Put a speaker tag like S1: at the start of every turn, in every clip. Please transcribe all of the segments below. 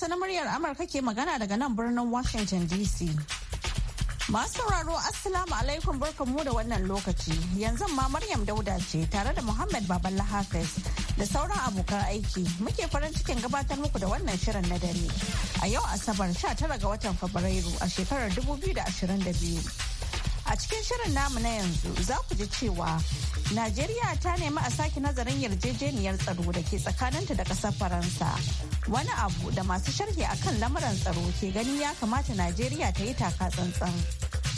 S1: Hausa na muryar Amurka ke magana daga nan birnin Washington DC. Masu sauraro Assalamu alaikum barkanmu da wannan lokaci. Yanzu ma Maryam Dauda ce tare da Muhammad Baballa Hafiz da sauran abokan aiki muke farin cikin gabatar muku da wannan shirin na dare. A yau Asabar 19 ga watan Fabrairu a shekarar 2022. A cikin shirin namu na yanzu za ku ji cewa Najeriya ta nemi a sake nazarin yarjejeniyar tsaro da ke tsakaninta da ƙasar Faransa. Wani abu da masu sharhi a kan lamuran tsaro ke gani ya kamata Najeriya ta yi taka tsantsan.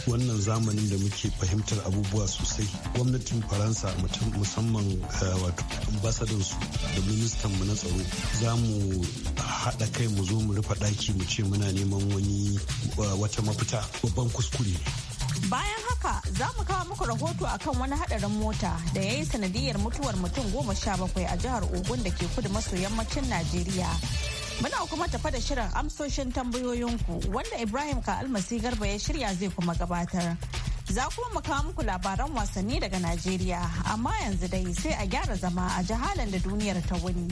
S2: wannan zamanin da muke fahimtar abubuwa sosai gwamnatin faransa musamman eh, wato ambasadansu da ministan mu na tsaro za mu haɗa kai mu zo mu rufe ɗaki mu ce muna neman wani eh, wata mafita babban kuskure
S1: Bayan haka za mu kawo muku rahoto a kan wani hadarin mota da ya yi sanadiyar mutuwar mutum goma sha bakwai a jihar Ogun da ke kudu maso yammacin Najeriya. Muna kuma tafa da shirin amsoshin tambayoyinku wanda Ibrahim ka almasi garba ya shirya zai kuma gabatar. Za kuma mu kawo muku labaran wasanni daga Najeriya amma yanzu dai sai a gyara zama a jihalan da duniyar ta wuni.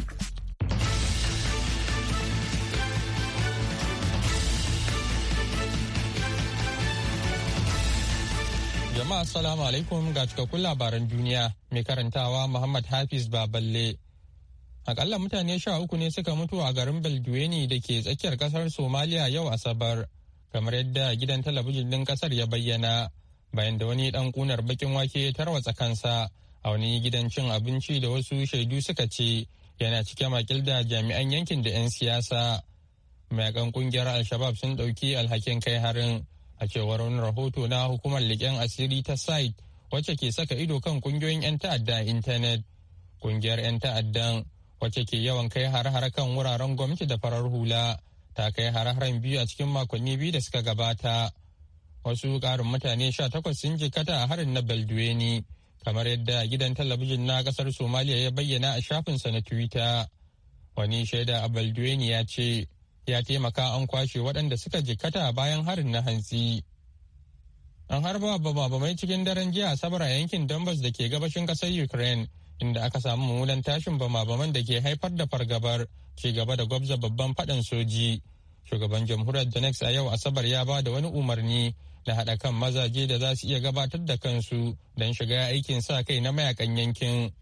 S3: Jama'a salamu alaikum ga cikakkun labaran duniya mai karantawa Muhammad Hafiz Baballe. Akalla mutane sha uku ne suka mutu a garin Beldweni da ke tsakiyar kasar Somaliya yau Asabar, kamar yadda gidan talabijin din kasar ya bayyana bayan da wani ɗan kunar bakin wake ya tarwatsa kansa a wani gidan cin abinci da wasu shaidu suka ce yana cike makil da jami'an yankin da 'yan siyasa. Mayakan ƙungiyar Al-Shabab sun ɗauki alhakin kai harin. a cewar wani rahoto na hukumar leƙen asiri ta site wacce ke saka ido kan ƙungiyoyin 'yan ta'adda a intanet Ƙungiyar 'yan ta'addan wacce ke yawan kai har-har kan wuraren gwamnati da farar hula ta kai har-haren biyu a cikin makonni biyu da suka gabata wasu ƙarin mutane sha takwas sun jikata a harin na balduweni kamar yadda gidan talabijin na ƙasar somaliya ya bayyana a shafinsa na twitter wani shaida a balduweni ya ce ya taimaka an kwashe waɗanda suka jikkata bayan harin na hantsi. An harba bababamai cikin daren jiya sabar a yankin Donbas da ke gabashin ƙasar Ukraine inda aka samu mummunan tashin bamabaman da ke haifar da fargabar ci gaba da gwabza babban faɗan soji. Shugaban jamhuriyar Donex a yau Asabar ya ba da wani umarni na haɗa kan mazaje da za su iya gabatar da kansu don shiga aikin sa kai na mayakan yankin.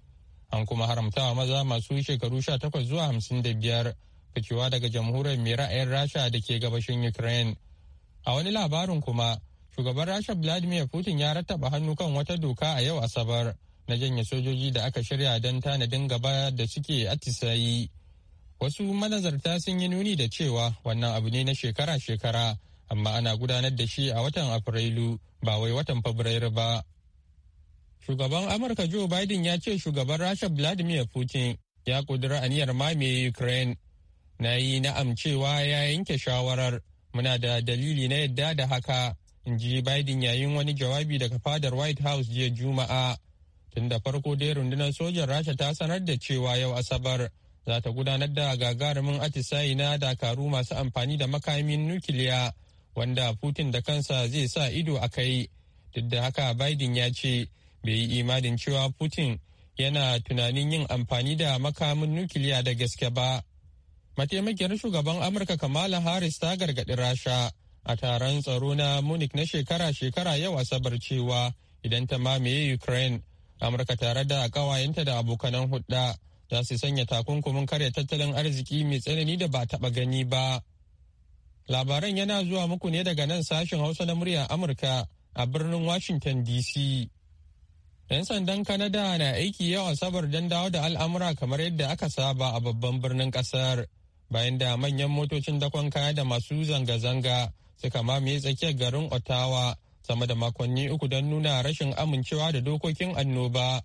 S3: An kuma haramta wa maza masu shekaru sha takwas zuwa hamsin da biyar ficewa daga jamhuriyar mai ra'ayin rasha da ke gabashin ukraine a wani labarin kuma shugaban rasha vladimir putin ya rattaba hannu kan wata doka a yau asabar na janye sojoji da aka shirya don tanadin gaba da suke atisayi wasu manazarta sun yi nuni da cewa wannan abu ne na shekara-shekara amma ana gudanar da shi a watan afrilu ba wai watan fabrairu ba shugaban amurka joe biden ya ce shugaban rasha vladimir putin ya kudura aniyar mamaye ukraine na yi na'am cewa ya yanke shawarar muna da dalili na yadda da haka in ji biden yayin wani jawabi daga fadar white house jiya juma'a tun da farko dai rundunar sojan rasha ta sanar da cewa yau asabar za ta gudanar da gagarumin atisayi na dakaru masu amfani da makamin nukiliya wanda putin da kansa zai sa ido a kai duk da haka biden ya ce bai yi imanin cewa putin yana tunanin yin amfani da makamin nukiliya da gaske ba Mataimakiyar shugaban Amurka Kamala Harris ta gargaɗi Rasha a taron tsaro na Munich na shekara-shekara yau Asabar cewa idan ta mamaye Ukraine, Amurka tare da ƙawayenta da abokanan hudda za su sanya takunkumin karya tattalin arziki mai tsanani da ba taɓa gani ba. Labaran yana zuwa muku ne daga nan sashen Hausa na muryar Amurka a birnin Washington DC. 'Yan sandan Kanada na aiki yau Asabar don dawo da al'amura kamar yadda aka saba a babban birnin ƙasar. bayan da manyan motocin dakon kaya da masu zanga-zanga suka mamaye tsakiyar garin ottawa sama da makonni uku don nuna rashin amincewa da dokokin annoba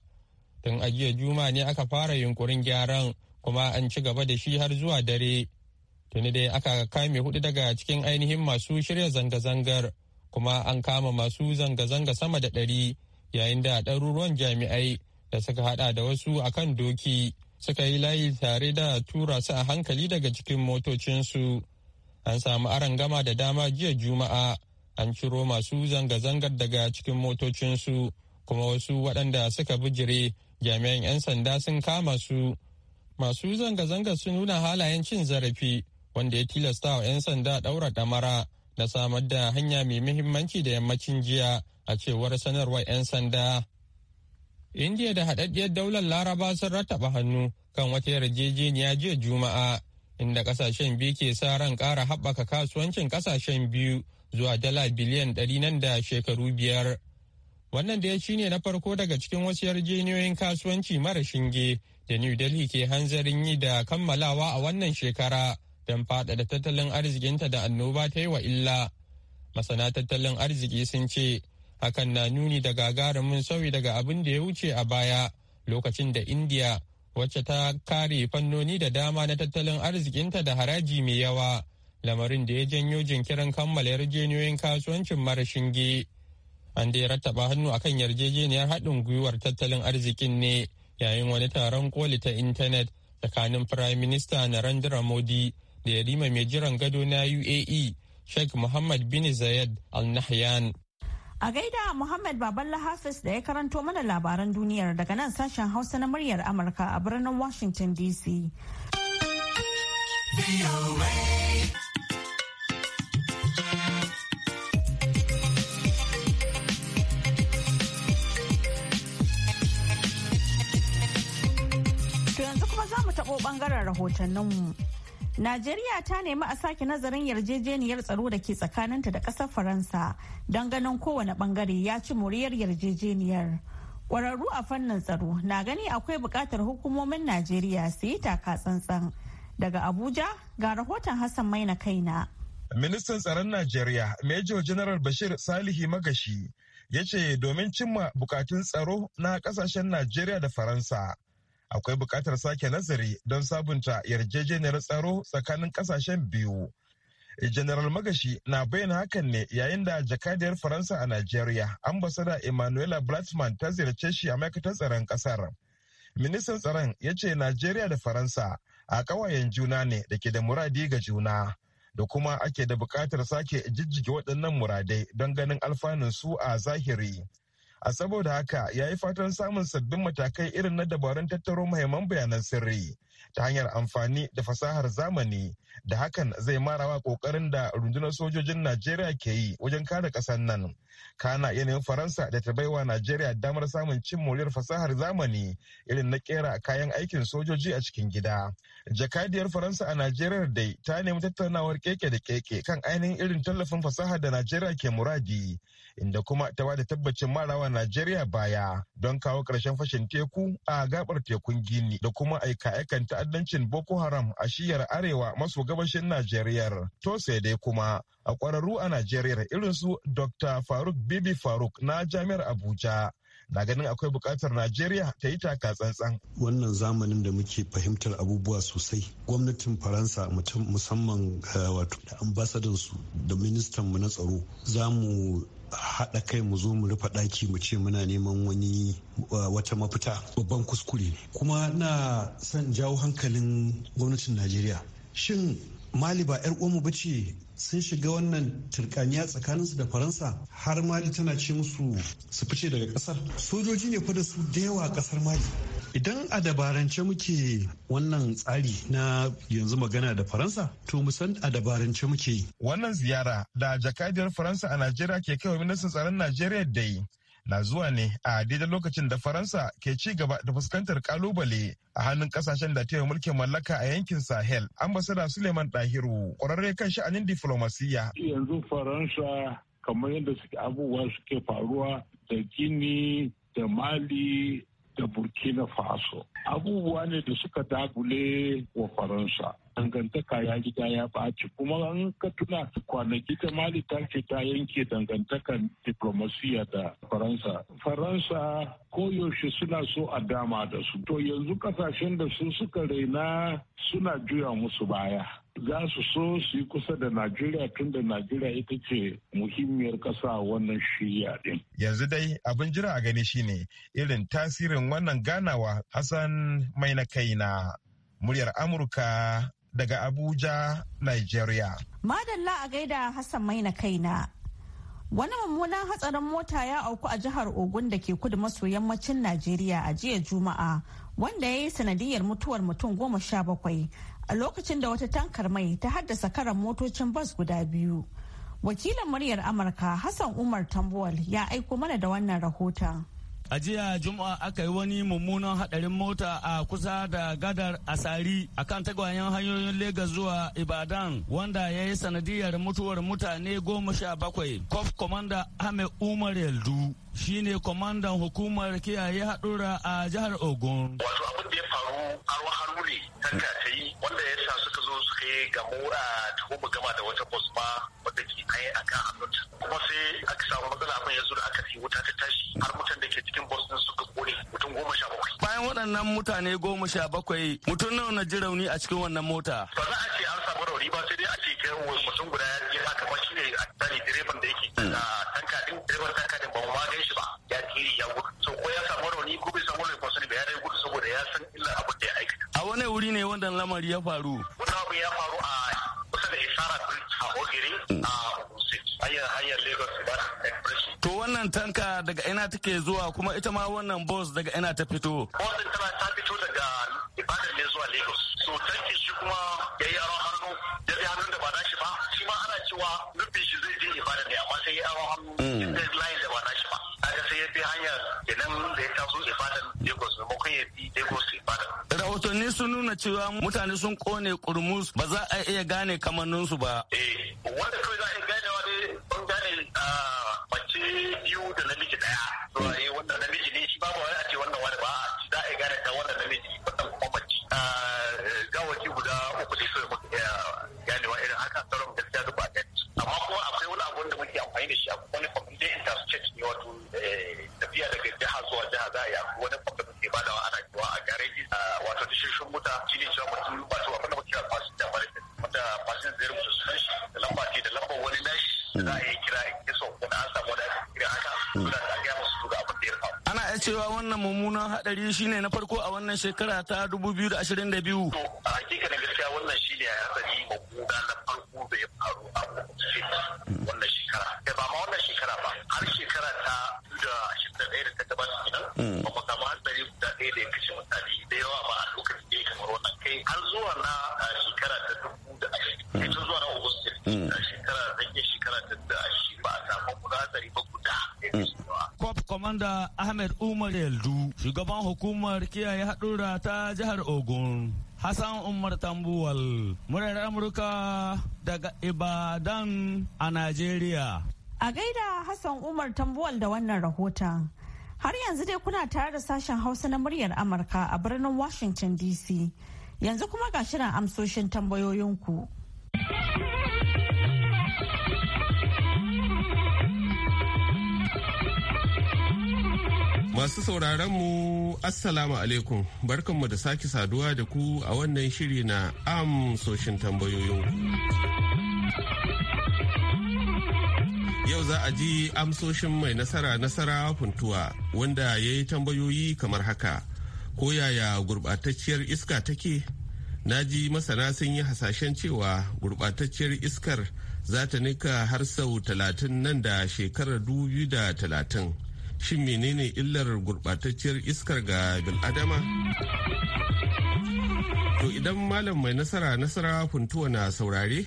S3: tun a jiya juma ne aka fara yunkurin gyaran kuma an ci gaba da shi har zuwa dare tuni dai aka kame hudu daga cikin ainihin masu shirya zanga-zangar kuma an kama masu zanga-zanga sama da ɗari yayin da ɗaruruwan jami'ai da suka hada da wasu akan doki suka yi layi tare da tura su a hankali daga cikin motocinsu. An samu aron gama da dama jiya Juma'a, an ciro masu zanga-zangar daga cikin motocinsu, kuma wasu waɗanda suka bijire jami'an 'yan sanda sun kama su. Masu zanga-zangar sun nuna halayen cin zarafi, wanda ya tilasta wa 'yan sanda ɗaura ɗamara da samar da hanya mai muhimmanci da yammacin jiya a cewar sanarwar 'yan sanda. indiya da haɗaɗɗiyar daular laraba sun rattaba hannu kan wata yarjejeniya jiya juma'a inda ƙasashen biyu ke sa ran ƙara haɓaka kasuwancin ƙasashen biyu zuwa dala biliyan ɗari nan da shekaru biyar wannan da ya ne na farko daga cikin wasu yarjejeniyoyin kasuwanci mara shinge da new delhi ke hanzarin yi da kammalawa a wannan shekara don faɗaɗa tattalin arzikinta da annoba ta yi wa illa masana tattalin arziki sun ce hakan na nuni da gagarumin sauyi daga abin da ya wuce a baya lokacin da indiya wacce ta kare fannoni da dama na tattalin arzikinta da haraji mai yawa lamarin da ya janyo jinkirin kammala yarjejeniyoyin kasuwancin mara shinge an da ya rattaba hannu akan yarjejeniyar haɗin gwiwar tattalin arzikin ne yayin wani taron koli ta intanet tsakanin firayim minista narendra modi da yarima mai jiran gado na uae sheikh muhammad bin zayed al nahyan
S1: A gaida Muhammad Baballa Hafiz da ya karanto mana labaran duniyar daga nan sashen Hausa na muryar Amurka a birnin Washington DC. To yanzu kuma za mu taɓo ɓangaren rahotanninmu. Najeriya ta nemi a sake nazarin yarjejeniyar tsaro da ke tsakaninta da ƙasar Faransa don ganin kowane ɓangare ya ci muryar yarjejeniyar. Ƙwararru a fannin tsaro na gani akwai buƙatar hukumomin Najeriya su yi taka tsantsan. Daga Abuja ga rahoton Hassan Maina kaina.
S4: Ministan tsaron Najeriya, Major General Bashir Salihi Magashi, ya ce domin cimma bukatun tsaro na kasashen Najeriya da Faransa akwai buƙatar sake nazari don sabunta yarjejeniyar tsaro tsakanin ƙasashen biyu. General Magashi na bayyana hakan ne yayin da jakadiyar Faransa a Najeriya, ambasada Emmanuela Blatman ta ziyarce shi a ma'aikatar tsaron ƙasar. Ministan tsaron ya ce Najeriya da Faransa a ƙawayen juna ne da ke da muradi ga juna. Da kuma ake da buƙatar sake jijjige waɗannan muradai don ganin alfanun su a zahiri. a saboda haka ya yi fatan samun sabbin matakai irin na dabarun tattaro mahimman bayanan sirri ta hanyar amfani da fasahar zamani da hakan zai marawa kokarin da rundunar sojojin najeriya ke yi wajen kare ƙasar nan kana yanayin faransa da ta baiwa najeriya damar samun cin moriyar fasahar zamani irin na kera kayan aikin sojoji a cikin gida jakadiyar faransa a najeriya dai ta nemi tattaunawar keke da keke kan ainihin irin tallafin fasaha da najeriya ke muradi inda kuma ta bada tabbacin marawa najeriya baya don kawo karshen fashin teku a gabar tekun gini da kuma aika-aikan ta'addancin boko haram a shiyar arewa maso gabashin najeriya to sai dai kuma a kwararru a Najeriya irin su Dr. Faruk Bibi Faruk na Jami'ar Abuja. Na ganin akwai buƙatar Najeriya ta yi taka tsantsan.
S2: Wannan zamanin da muke fahimtar abubuwa sosai. Gwamnatin Faransa musamman eh, wato da ambasadan su da ministan mu na tsaro za mu haɗa kai mu zo mu rufe ɗaki mu ce muna neman wani eh, wata mafita babban kuskure ne. Kuma na son jawo hankalin gwamnatin Najeriya. Shin mali ba 'yar uwanmu ba ce sun shiga wannan turkaniya tsakaninsu da faransa har mali tana ce musu su fice daga kasar sojoji ne da su da yawa kasar mali idan a dabarance muke wannan tsari na yanzu magana da faransa to musan a dabarance muke wannan ziyara da jakadiyar
S4: faransa a najeriya ke kai ministan tsaron najeriya da yi. na zuwa ne a daidai lokacin da Faransa ke ci gaba da fuskantar kalubale a hannun kasashen da ta yi mulkin mallaka a yankin Sahel. Ambasada Suleiman Dahiru kwararre kan sha'anin diflomasiyya.
S2: Yanzu Faransa kamar yadda suke abubuwa suke faruwa da Gini da Mali da burkina faso abubuwa ne da suka dagule wa faransa dangantaka ya gida ya ɓaci kuma an ka tuna kwanaki ta mali ta ce ta yanke dangantakan diplomasiya da faransa faransa koyaushe suna so a dama da su to yanzu kasashen da su suka raina suna juya musu baya za su so su yi kusa da Najeriya tun da Najeriya ita ce muhimmiyar ƙasa wannan shirya din.
S4: Yanzu dai abin jira a gani shine irin tasirin wannan ganawa Hassan mai na kaina muryar Amurka daga Abuja, Nigeria.
S1: Madalla a gaida Hassan mai na kai na Wani mummunan hatsarin mota ya auku a jihar Ogun da ke kudu maso yammacin Najeriya a jiya Juma'a wanda ya yi sanadiyar mutuwar mutum goma sha bakwai a lokacin da wata tankar mai ta haddasa karan motocin bas guda biyu. Wakilin muryar Amurka Hassan Umar Tambuwal ya aiko mana da wannan rahoton.
S5: A jiya Juma'a aka yi wani mummunan hadarin mota a kusa da gadar Asari a kan tagwayen hanyoyin Legas zuwa Ibadan wanda ya yi sanadiyar mutuwar mutane goma sha bakwai. Kof Commander Ahmed Umar Yaldu shine kwamandan hukumar kiyaye haɗura a jihar Ogun. Wato
S6: abin da ya aro hannu ne tanka ta yi wanda ya sa suka zo suka yi gamu a taho mu gama da wata bus ba wadda ke kai a kan hannunta kuma sai aka samu matsala abin yanzu da aka fi wuta ta tashi har mutan da ke cikin bus din suka kone mutum goma sha bakwai.
S5: bayan waɗannan mutane goma sha bakwai mutum nawa na ji rauni a cikin wannan mota. ba za a ce an samu rauni ba sai dai a ce kai mutum guda ya je haka ba shi ne a tsari direban
S6: da yake hmm. tanka din direban tanka din ba mu ma gan shi ba ya tiri ya gudu so ko ya samu rauni ko bai illar abin da ya
S5: aikata. A wani wuri ne wannan lamari ya faru? Wannan abin ya faru a
S6: kusa da Isara Bridge a Ogiri a hanyar hanyar Lagos Ibadan Express.
S5: To wannan tanka daga ina take zuwa kuma ita ma wannan bus daga ina ta fito? Wannan
S6: tana ta fito daga Ibadan ne zuwa Lagos. So tanki shi kuma ya yi yaron hannu, ya yi hannun da ba nashi ba, shi ma ana cewa nufin shi zai je Ibadan ne amma sai ya yi aron hannu. Mm. Inda line da ba nashi ba. Kaga sai ya bi hanyar ya Lagos Ibadan.
S5: Rahotanni sun nuna cewa mutane sun kone kurmus ba za a iya gane kamanninsu ba. Eh, wanda kawai za a iya
S6: ganewa dai sun gane ah, mace biyu da namiji daya. Zuwa hmm. eh wanda namiji ne shi babu wani a ce wannan wani ba za a iya gane ta wannan namiji wannan kuma mace. Ah, eh, Gawaki guda uku ne ya gane ganewa irin haka sauran gaskiya duk ba Amma kuma akwai wani abu da muke amfani da shi a wani da interstate ne wato eh, tafiya daga jiha zuwa jiha za a yi wani ana cewa a gareji wato mota shi ne cewa mutum wanda zai rubuta da lamba ce da lambar wani nashi za a kira in hmm. da gaya da ya
S5: faru. ana iya cewa wannan mummunan hadari shine na farko a wannan shekara ta 2022. a shugaban hukumar kiyaye haɗura ta jihar Ogun. Hassan Umar Tambuwal, murar Amurka daga Ibadan a Najeriya.
S1: A gaida Hassan Umar Tambuwal da wannan rahota Har yanzu dai kuna tare da sashen Hausa na muryar Amurka a birnin Washington DC. Yanzu kuma ga shirin amsoshin tambayoyinku.
S7: Masu sauraron mu Assalamu alaikum barkanmu da sake saduwa da ku a wannan shiri na amsoshin tambayoyin. Yau za a ji amsoshin mai nasara nasara funtuwa wanda ya yi tambayoyi kamar haka. Ko yaya gurbatacciyar iska take? Na ji masana sun yi hasashen cewa gurbatacciyar iskar za ta nika har sau talatin nan da shekarar talatin. shin menene illar gurɓatacciyar iskar ga bil'adama to idan malam mai nasara nasara funtuwa na saurare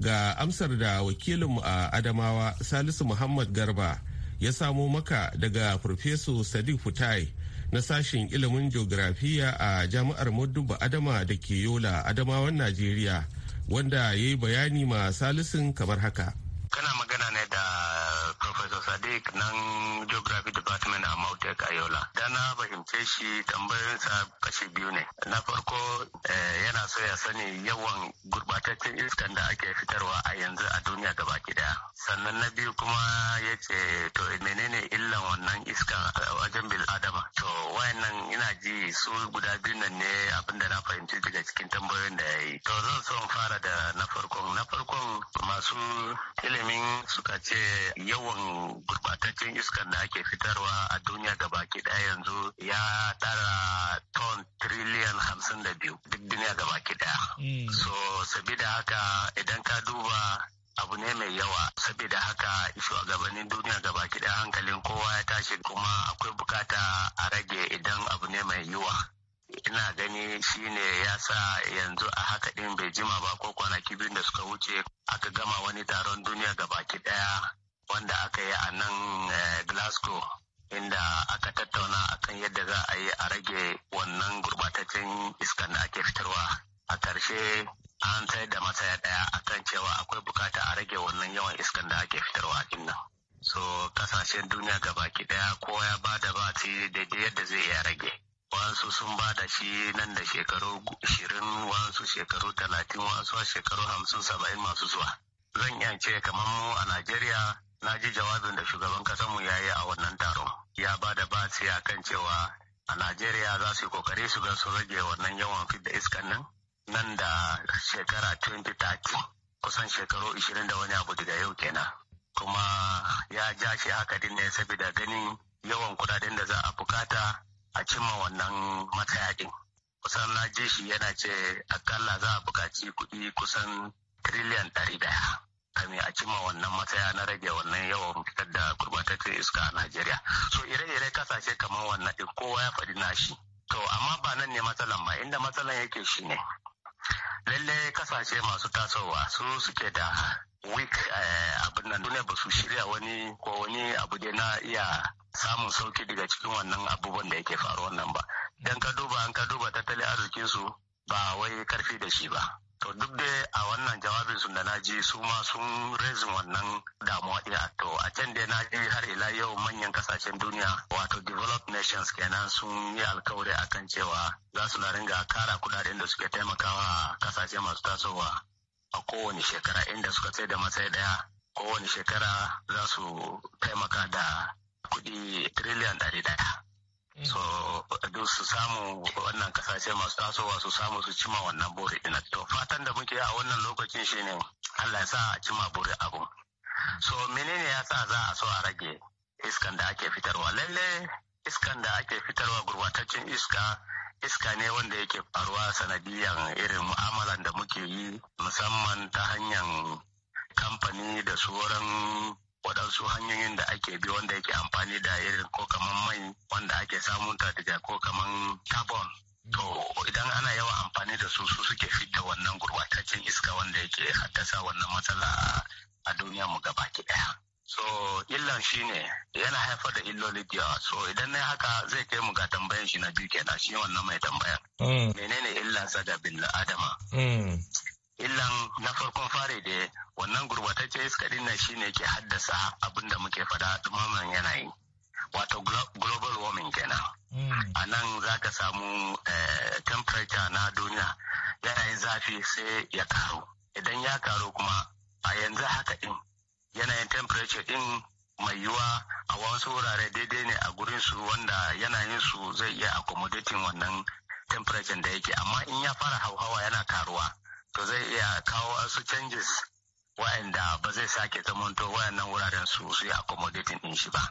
S7: ga amsar da wakilinmu a adamawa salisu muhammad garba ya samo maka daga farfeso sadiq futai na sashen ilimin geografiya a jami'ar Modubba Adama da ke Yola Adamawan Najeriya wanda ya yi bayani ma salisun kamar haka. Kana
S8: magana ne sadiq nan geography department a mautek ayola da na fahimce shi tambayoyinsa kashi biyu ne na farko eh, yana so ya sani yawan gurbataccen iskan da ake fitarwa a yanzu a duniya gaba daya sannan na biyu kuma ya ce to menene illan wannan iska a wajen bil adama to wayannan ina ji su guda biyu nan ne abin da na fahimci daga cikin tambayoyin da ya yi to zan so in fara da na farkon na farkon masu ilimin suka ce yawan gurbataccen iskar da ake fitarwa a duniya ga baki daya yanzu ya tara ton triliyan hamsin da biyu duk duniya ga baki daya. Hmm. So sabida haka idan ka duba abu ne mai yawa saboda haka shugabannin duniya gaba kiɗa hankalin kowa ya tashi kuma akwai bukata a rage idan abu ne mai yiwa ina gani shine ya sa yanzu a haka ɗin bai jima ba ko kwanaki biyu da suka wuce aka gama wani taron duniya gaba ɗaya wanda aka yi a nan eh, Glasgow inda aka tattauna akan yadda za a yi a rage wannan gurbataccen iskan da ake fitarwa a ƙarshe an tsayar da matsaya ɗaya akan cewa akwai bukata a rage wannan yawan iskan da ake fitarwa a nan so kasashen duniya ga baki ɗaya kowa ya ba da ba daidai yadda zai iya rage wasu sun ba da shi nan da shekaru ashirin wasu shekaru talatin wasu shekaru hamsin saba'in masu zuwa zan iya ce kamar mu a najeriya na ji jawabin da shugaban kasanmu ya yi a wannan taron ya ba da basi a kan cewa a najeriya za su yi kokari su gan su rage wannan yawan fidda iska nan nan da shekara 2030 kusan shekaru 20 da wani abu daga yau kenan kuma ya ja shi haka din ne saboda ganin yawan kudaden da za a bukata a cimma wannan matsayakin kusan na ji shi yana ce akalla za a bukaci kuɗi kusan triliyan ɗari kame a cima wannan matsaya na rage wannan yawan fitar da gurbataccen iska a Najeriya. So ire-ire kasashe kamar wannan ɗin kowa ya faɗi nashi. To amma ba nan ne matsalan ba inda matsalan yake shi ne. Lalle kasashe masu tasowa su suke da week eh, abin nan duniya ba su shirya wani ko wani abu dai na iya samun sauki daga cikin wannan abubuwan da yake faruwa nan ba. Dan ka duba an ka duba tattalin arzikinsu ba wai karfi da shi ba. to duk da a wannan jawabin sun da na ji su ma sun rezin wannan damuwa ɗaya to a can da na ji har ila yau manyan kasashen duniya wato developed nations kenan sun yi alkawari akan cewa za su na ringa kara kudaden da suke taimakawa kasashe masu tasowa a kowane shekara inda suka sai da matsayi daya kowane shekara za su taimaka da kuɗi triliyan ɗari ɗaya Mm. so duk su samu wannan kasashe masu tasowa su samu su cima wannan buri din to fatan da muke a wannan lokacin shine Allah ya sa a cima buri abu so menene ya sa za a so a rage iskan da ake fitarwa lalle iskan da ake fitarwa gurbataccen iska iska ne wanda yake faruwa sanadiyan irin mu'amalan da muke yi musamman ta hanyar kamfani da sauran waɗansu hanyoyin da ake bi wanda yake amfani da irin ko kaman mai wanda ake samun ta daga ko kaman carbon to idan ana yawan amfani da su su suke fidda wannan gurbataccen iska wanda yake haddasa wannan matsala a duniya mu gaba ki daya so illan shi ne yana haifar da illoli da yawa so idan na haka zai kai mu ga tambayan shi na biyu kenan shi wannan mai tambaya mm. menene illansa ga bin adama mm. illan na farkon fare da wannan gurbatacce iska din nan shine ke haddasa abin da muke fada dumaman yanayi wato global warming kenan hmm. a nan za ka samu eh, temperature na duniya yanayin zafi sai ya karu idan ya karu kuma a yanzu haka din yanayin temperature din mai yiwa a wasu wurare daidai ne a gurin su wanda yanayin su zai iya accommodating wannan temperature da yake amma in ya fara hauhawa yana karuwa to zai iya kawo wasu changes wa'anda ba zai sake zamanto wayannan wuraren su su yi accommodating din shi ba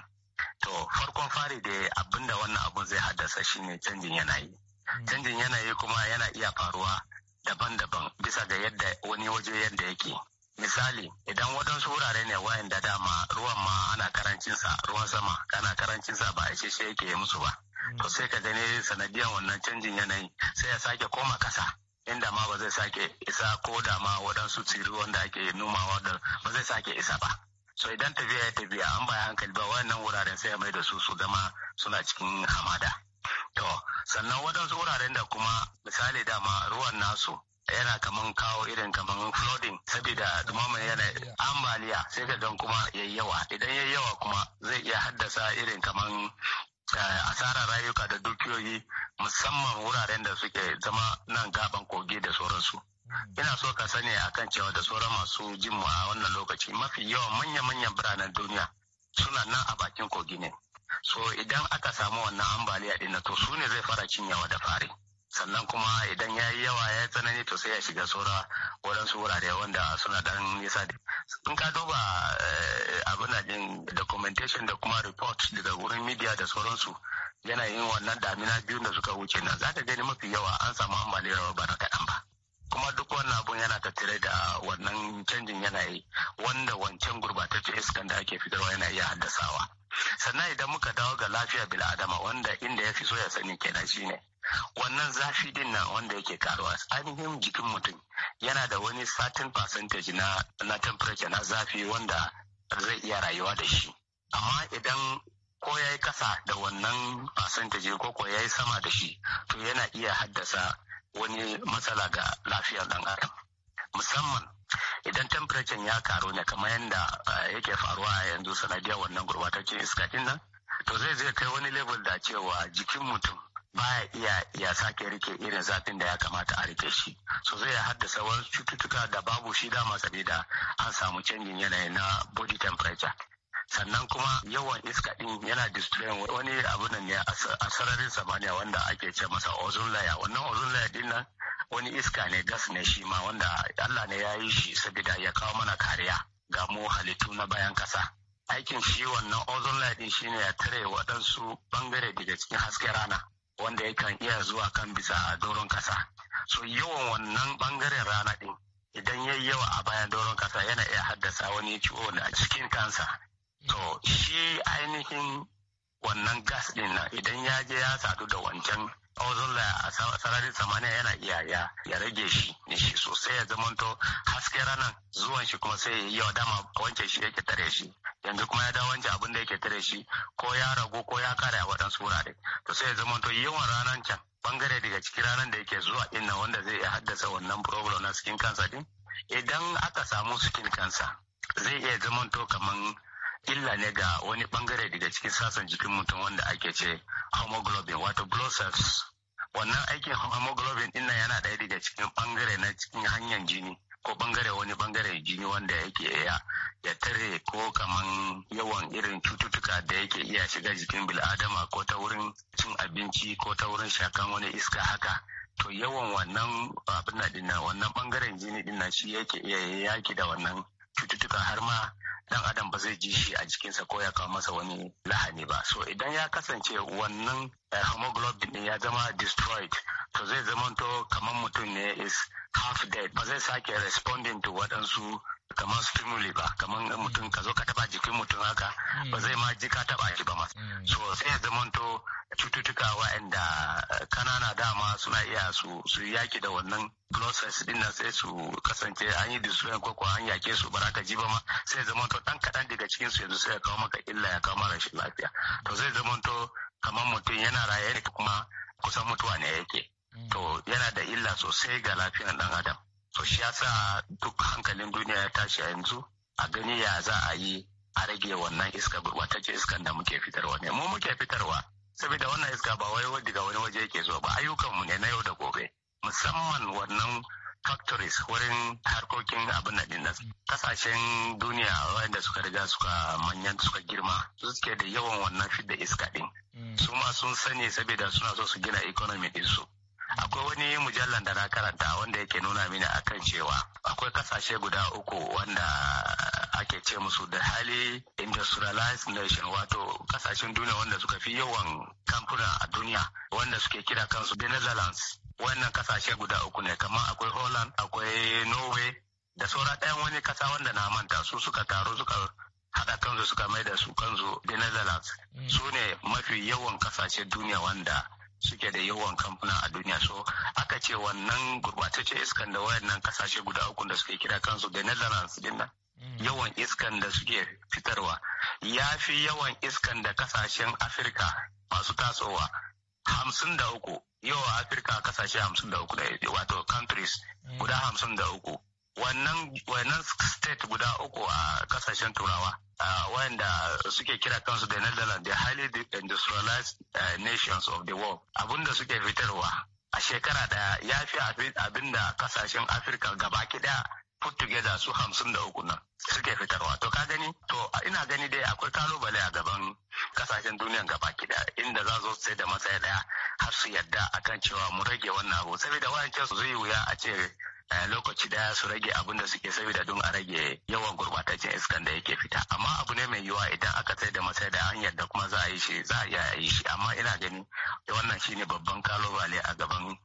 S8: to farkon fari da abinda wannan abun zai haddasa shine canjin yanayi hmm. canjin yanayi kuma yana iya faruwa daban-daban bisa ga yadda wani waje yadda yake misali idan waɗansu wurare ne wayanda dama ruwan ma ana karancinsa ruwan sama ana karancinsa ba a shi yake musu ba hmm. to sai ka gani sanadiyan wannan canjin yanayi sai ya sake koma kasa inda ma ba zai sake isa ko da ma waɗansu tsiru wanda ake numawa da ba zai sake isa ba so idan tafiya ya tafiya an baya hankali ba wayannan wuraren sai ya mai da su su zama suna cikin hamada to sannan waɗansu wuraren da kuma misali dama ruwan nasu yana kaman kawo irin kaman flooding saboda dumamin yana ambaliya sai ka gan kuma yayi yawa idan yayi yawa kuma zai iya haddasa irin kaman Eh, asarar rayuka da dukiyoyi musamman wuraren da suke zama nan gaban kogi da sauransu. Hmm. Ina so ka sani a kan cewa da sauran masu jin mu a wannan lokaci mafi yawan manya-manyan biranen duniya suna nan a bakin kogi ne. So idan aka samu wannan ambaliya ɗin to su ne zai fara cin yawa da fari. sannan kuma idan ya yi yawa ya tsanani to sai ya shiga saura wadansu wurare wanda suna dan nisa da in ka duba eh, abin jin documentation da kuma report daga wurin media da sauransu yana yin wannan damina biyu da suka wuce nan za ka gani mafi yawa an samu ambaliyar bana kaɗan ba kuma duk wannan abun yana tattare da wannan canjin yanayi wanda wancan gurbataccen iskan da ake fitarwa yana iya haddasawa sannan idan muka dawo ga lafiya bil'adama wanda inda ya fi so ya sani kenan shine wannan zafi din na wanda yake karuwa ainihin jikin mutum yana da wani satin percentage na na temperature na zafi wanda zai iya rayuwa da shi amma idan ko ya yi kasa da wannan percentage ko ko ya yi sama da shi to yana iya haddasa wani matsala ga lafiyar dan adam musamman idan temperature ya karu ne kamar yadda eh, yake faruwa a yanzu sanadiyar wannan gurbataccen iska din nan to zai zai kai wani level da cewa jikin mutum baya iya ya sake rike irin zafin da ya kamata a rike shi so zai haddasa wasu cututtuka da babu shi dama sabida an samu canjin yanayi na body temperature sannan kuma yawan iska din yana destroying wani abu nan ne a sararin samaniya wanda ake ce masa ozone layer wannan ozone layer din nan wani iska ne gas ne shi ma wanda Allah ne ya yi shi saboda ya kawo mana kariya ga mu halittu na bayan kasa aikin shi wannan ozone layer din shine ya tare waɗansu bangare daga cikin hasken rana wanda yakan iya zuwa kan bisa a doron kasa so yawan wannan bangaren rana din idan ya yi yawa a bayan doron kasa yana iya haddasa wani ciwo na cikin kansa mm. to shi ainihin wannan gas din nan idan ya je ya sadu da wancan ozon layer a sararin samaniya yana iya ya rage shi ne shi sosai ya zamanto haske ranar zuwan shi kuma sai yawa dama wancan shi yake tare shi yanzu kuma ya dawo wancan abin da yake tare shi ko ya ragu ko ya kare a waɗansu wurare to sai ya zamanto yawan ranar can bangare daga cikin ranar da yake zuwa din nan wanda zai haddasa wannan problem na skin cancer din idan aka samu skin cancer zai iya zamanto kaman illa ne ga wani bangare daga cikin sassan jikin mutum wanda ake ce homoglobin wato blood cells wannan aikin homoglobin din nan yana daya daga cikin bangare na cikin hanyar jini ko bangare wani bangare jini wanda yake iya ya tare ko kaman yawan irin cututtuka da yake iya shiga jikin bil'adama ko ta wurin cin abinci ko ta wurin shakan wani iska haka to yawan wannan abin na wannan bangaren jini dinna shi yake iya yaki da wannan cututtuka har ma dan adam ba zai ji shi a jikinsa ko ya kawo masa wani lahani ba so idan ya kasance wannan eh, hemoglobin ya zama destroyed to zai zamanto kamar mutum ne is half dead ba zai sake responding to waɗansu kamar stimuli ba kamar mutum ka zo ka taba jikin mutum haka ba zai ma jika taba shi ba ma mm. so sai ya to cututtuka waɗanda kanana eh, dama suna iya su su yaki da wannan process din nan sai su kasance an yi disuwan ko ko an yake su baraka ji ba ma sai to dan kaɗan daga cikin su yanzu sai ya kawo maka illa ya kawo mara rashin lafiya to zai zamanto kamar mutum yana raye kuma kusan mutuwa ne yake mm. to yana da illa sosai ga lafiyar dan adam to shi yasa duk hankalin duniya ya tashi a yanzu a gani ya za a yi a rage wannan iska gurbatacce iskan da muke fitarwa ne mu muke fitarwa saboda wannan iska ba wai daga wani waje yake zuwa ba ayyukanmu ne na yau da gobe musamman wannan factories wurin harkokin abin da dinnan kasashen duniya wanda suka riga suka manyan suka girma su suke da yawan wannan da iska din mm. su ma sun sani saboda suna so su gina economy din su akwai wani mujallar da na karanta wanda yake nuna mini akan cewa akwai kasashe guda uku wanda ake ce musu da hali industrialized nation wato kasashen duniya wanda suka fi yawan kamfuna a duniya wanda suke kira kansu the netherlands wannan kasashe guda uku ne kamar akwai holland akwai norway da saura ɗayan wani kasa wanda na manta su suka taru suka haɗa kansu suka mai da su kansu the netherlands mm. su ne mafi yawan kasashe duniya wanda suke da yawan kamfuna a duniya so aka ce wannan gurbatacce iskan da wayannan kasashe guda uku da suke kira kansu da netherlands din nan mm. yawan iskan da suke fitarwa ya fi yawan iskan da kasashen afirka masu tasowa hamsin da uku yawa afirka kasashe hamsin da uku wato countries mm. guda hamsin da uku wannan state guda uku a kasashen turawa wayanda suke kira kansu da netherlands the highly industrialized eh, nations of the world abinda suke fitarwa a shekara daya ya fi abinda kasashen afirka gaba kida put together su hamsin da uku nan suke fitarwa to ka gani to ina gani dai akwai kalubale a gaban kasashen duniya gaba kida inda za su sai da matsaya daya har su yadda akan cewa mu rage wannan abu saboda wayancin su zai wuya a ce A eh, lokaci daya su rage abin da suke saboda don a rage yawan gurbataccen iskan da yake fita amma abu ne mai yiwuwa idan aka sai da masai da hanyar da kuma za a yi shi za a iya yi shi amma ina gani wannan shine babban kalubale a gaban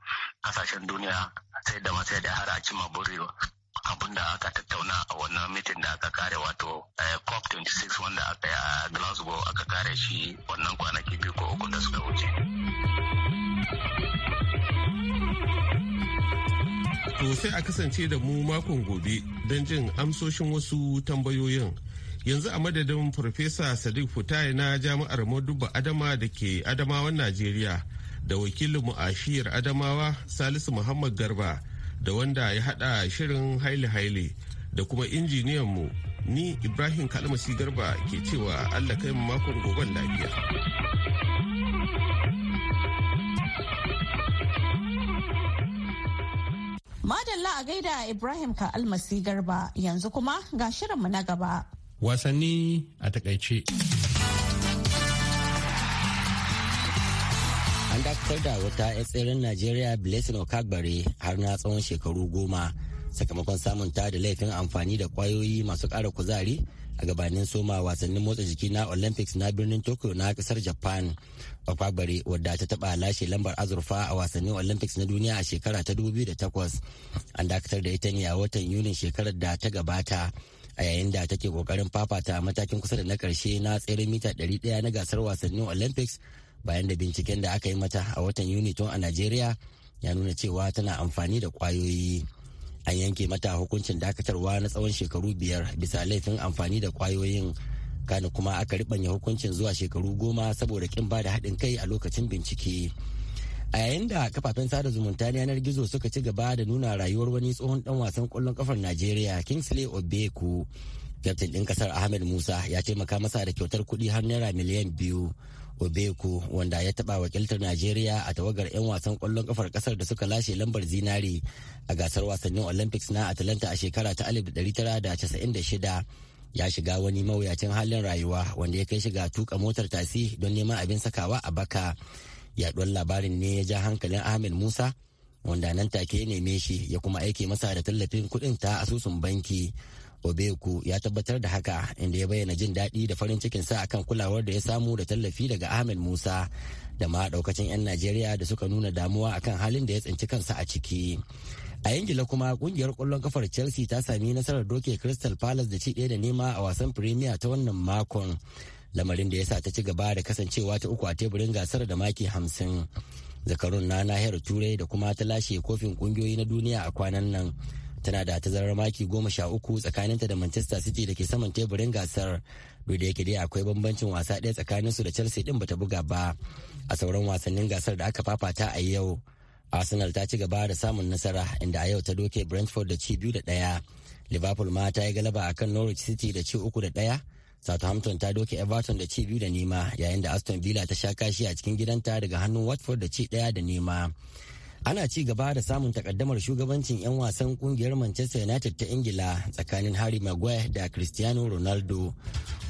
S8: kasashen duniya sai da masai da har a cima burewa abin da aka tattauna a wannan mitin da aka kare wato eh, cop 26 wanda aka yi a glasgow aka kare shi wannan kwanaki biyu ko uku da suka wuce
S7: To sai a kasance da mu makon gobe don jin amsoshin wasu tambayoyin. Yanzu a madadin Farfesa Sadiq Futai na Jami'ar Maduba Adama da ke Adamawan Najeriya da wakilinmu a shiyar Adamawa Salisu Muhammad Garba da wanda ya hada shirin haile-haile da kuma injiniyan mu ni Ibrahim Kalmasi Garba ke cewa Allah kai makon goben lafiya.
S1: Madalla a gaida Ibrahim ka almasi garba yanzu kuma ga shirinmu na gaba.
S3: Wasanni a
S9: takaice. An dakatar da wata 'yan tseren Najeriya Blessing Okagbare har na tsawon shekaru goma sakamakon samun ta da laifin amfani da kwayoyi masu ƙara kuzari a gabanin soma wasannin motsa jiki na Olympics na birnin Tokyo na ƙasar Japan. Okwabare wadda ta taba lashe lambar azurfa a wasannin Olympics na duniya a shekara ta 2008 an dakatar da ita ne a watan Yunin shekarar da ta gabata a yayin da take kokarin fafata matakin kusa da na karshe na tsere mita 100 na gasar wasannin Olympics bayan da binciken da aka yi mata a watan Yuni tun a Najeriya ya nuna cewa tana amfani da kwayoyi. An yanke mata hukuncin dakatarwa na tsawon shekaru biyar bisa laifin amfani da kwayoyin. kana kuma aka ribanya hukuncin zuwa shekaru goma saboda kin ba da haɗin kai a lokacin bincike a yayin da kafafen sada zumunta na yanar gizo suka ci gaba da nuna rayuwar wani tsohon dan wasan kwallon kafar najeriya kingsley obeku kyaftin ɗin ƙasar ahmed musa ya taimaka masa da kyautar kuɗi har naira miliyan biyu obeku wanda ya taɓa wakiltar najeriya a tawagar 'yan wasan kwallon kafar ƙasar da suka lashe lambar zinari a gasar wasannin olympics na atlanta a shekara ta 1996 ya shiga wani mawuyacin halin rayuwa wanda ya kai shiga tuka motar tasi don neman abin sakawa a baka yaduwar labarin ne ya ja hankalin ahmed musa wanda nan take ya neme shi ya kuma aike masa da tallafin kuɗin ta asusun banki obeku ya tabbatar da haka inda ya bayyana jin daɗi da farin cikin sa akan kulawar da ya samu da tallafi daga ahmed musa da ma ɗaukacin 'yan najeriya da suka nuna damuwa akan halin da ya tsinci kansa a ciki a ingila kuma kungiyar kwallon kafar chelsea ta sami nasarar doke crystal palace da ci ɗaya da nema a wasan premier ta wannan makon lamarin da ya sa ta ci gaba da kasancewa ta uku a teburin gasar da maki hamsin zakarun na nahiyar turai da kuma ta lashe kofin kungiyoyi na duniya a kwanan nan tana da tazarar maki goma sha uku tsakaninta da manchester city da ke saman teburin gasar duk da yake dai akwai bambancin wasa ɗaya tsakaninsu da chelsea din bata buga ba a sauran wasannin gasar da aka fafata a yau arsenal ta ci gaba da samun nasara inda a yau ta doke brentford da ci biyu da ɗaya liverpool ma ta yi galaba a kan norwich city da ci uku da ɗaya Southampton ta doke Everton da ci biyu da nema yayin da Aston Villa ta sha kashi a cikin gidanta daga hannun Watford da ci ɗaya da nema. ana ci gaba da samun takaddamar shugabancin 'yan wasan kungiyar manchester united ta ingila tsakanin harry maguire da cristiano ronaldo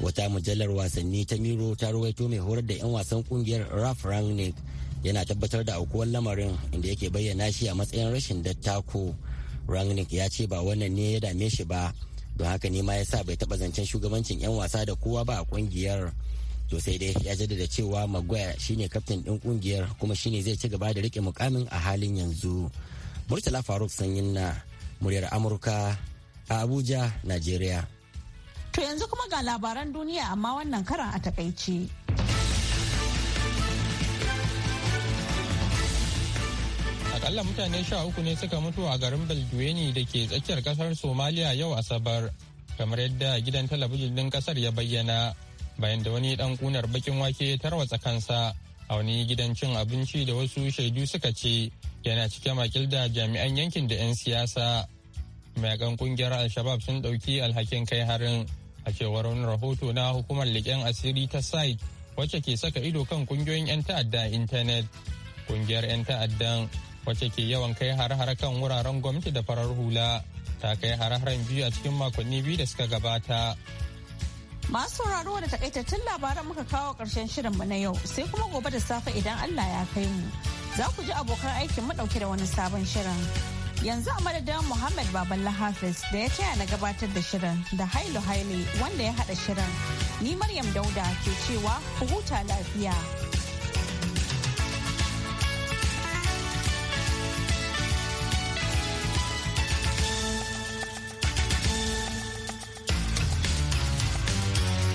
S9: wata mujallar wasanni ta miro ta ruwaito mai horar da 'yan wasan kungiyar ralph rangnick yana tabbatar da aukuwar lamarin inda yake bayyana shi a matsayin rashin dattako rangnick ya ce ba wannan ne ya dame shi ba don haka ne ma ya sa bai taba zancen shugabancin 'yan wasa da kowa ba a kungiyar to sai dai ya jaddada cewa maguire shine kaftin din kungiyar kuma shine zai ci gaba da rike mukamin a halin yanzu murtala faruk sanyin na muryar amurka a abuja nigeria
S1: to yanzu kuma ga labaran duniya amma wannan karan a takaice
S3: akalla mutane sha uku ne suka mutu a garin Baldweni da ke tsakiyar kasar Somalia yau Asabar, kamar yadda gidan talabijin din kasar ya bayyana. bayan da wani dan kunar bakin wake ya tarwatsa kansa a wani gidan cin abinci da wasu shaidu suka ce yana cike makil da jami'an yankin da 'yan siyasa mayakan kungiyar al sun dauki alhakin kai harin a cewar wani rahoto na hukumar leƙen asiri ta site wacce ke saka ido kan kungiyoyin 'yan ta'adda intanet kungiyar 'yan ta'addan wacce ke yawan kai har-har kan wuraren gwamnati da farar hula ta kai har-haren biyu a cikin makonni biyu da suka gabata
S1: Masu sauraro da takaitattun labaran muka kawo ƙarshen shirinmu na yau sai kuma gobe da safe idan Allah ya kai mu. Za ku ji abokan aikin mu ɗauke da wani sabon shirin. Yanzu a madadin Muhammad Baballa Hafiz da ya taya na gabatar da shirin da Hailu Haile wanda ya haɗa shirin. Ni Maryam Dauda ke cewa ku huta lafiya.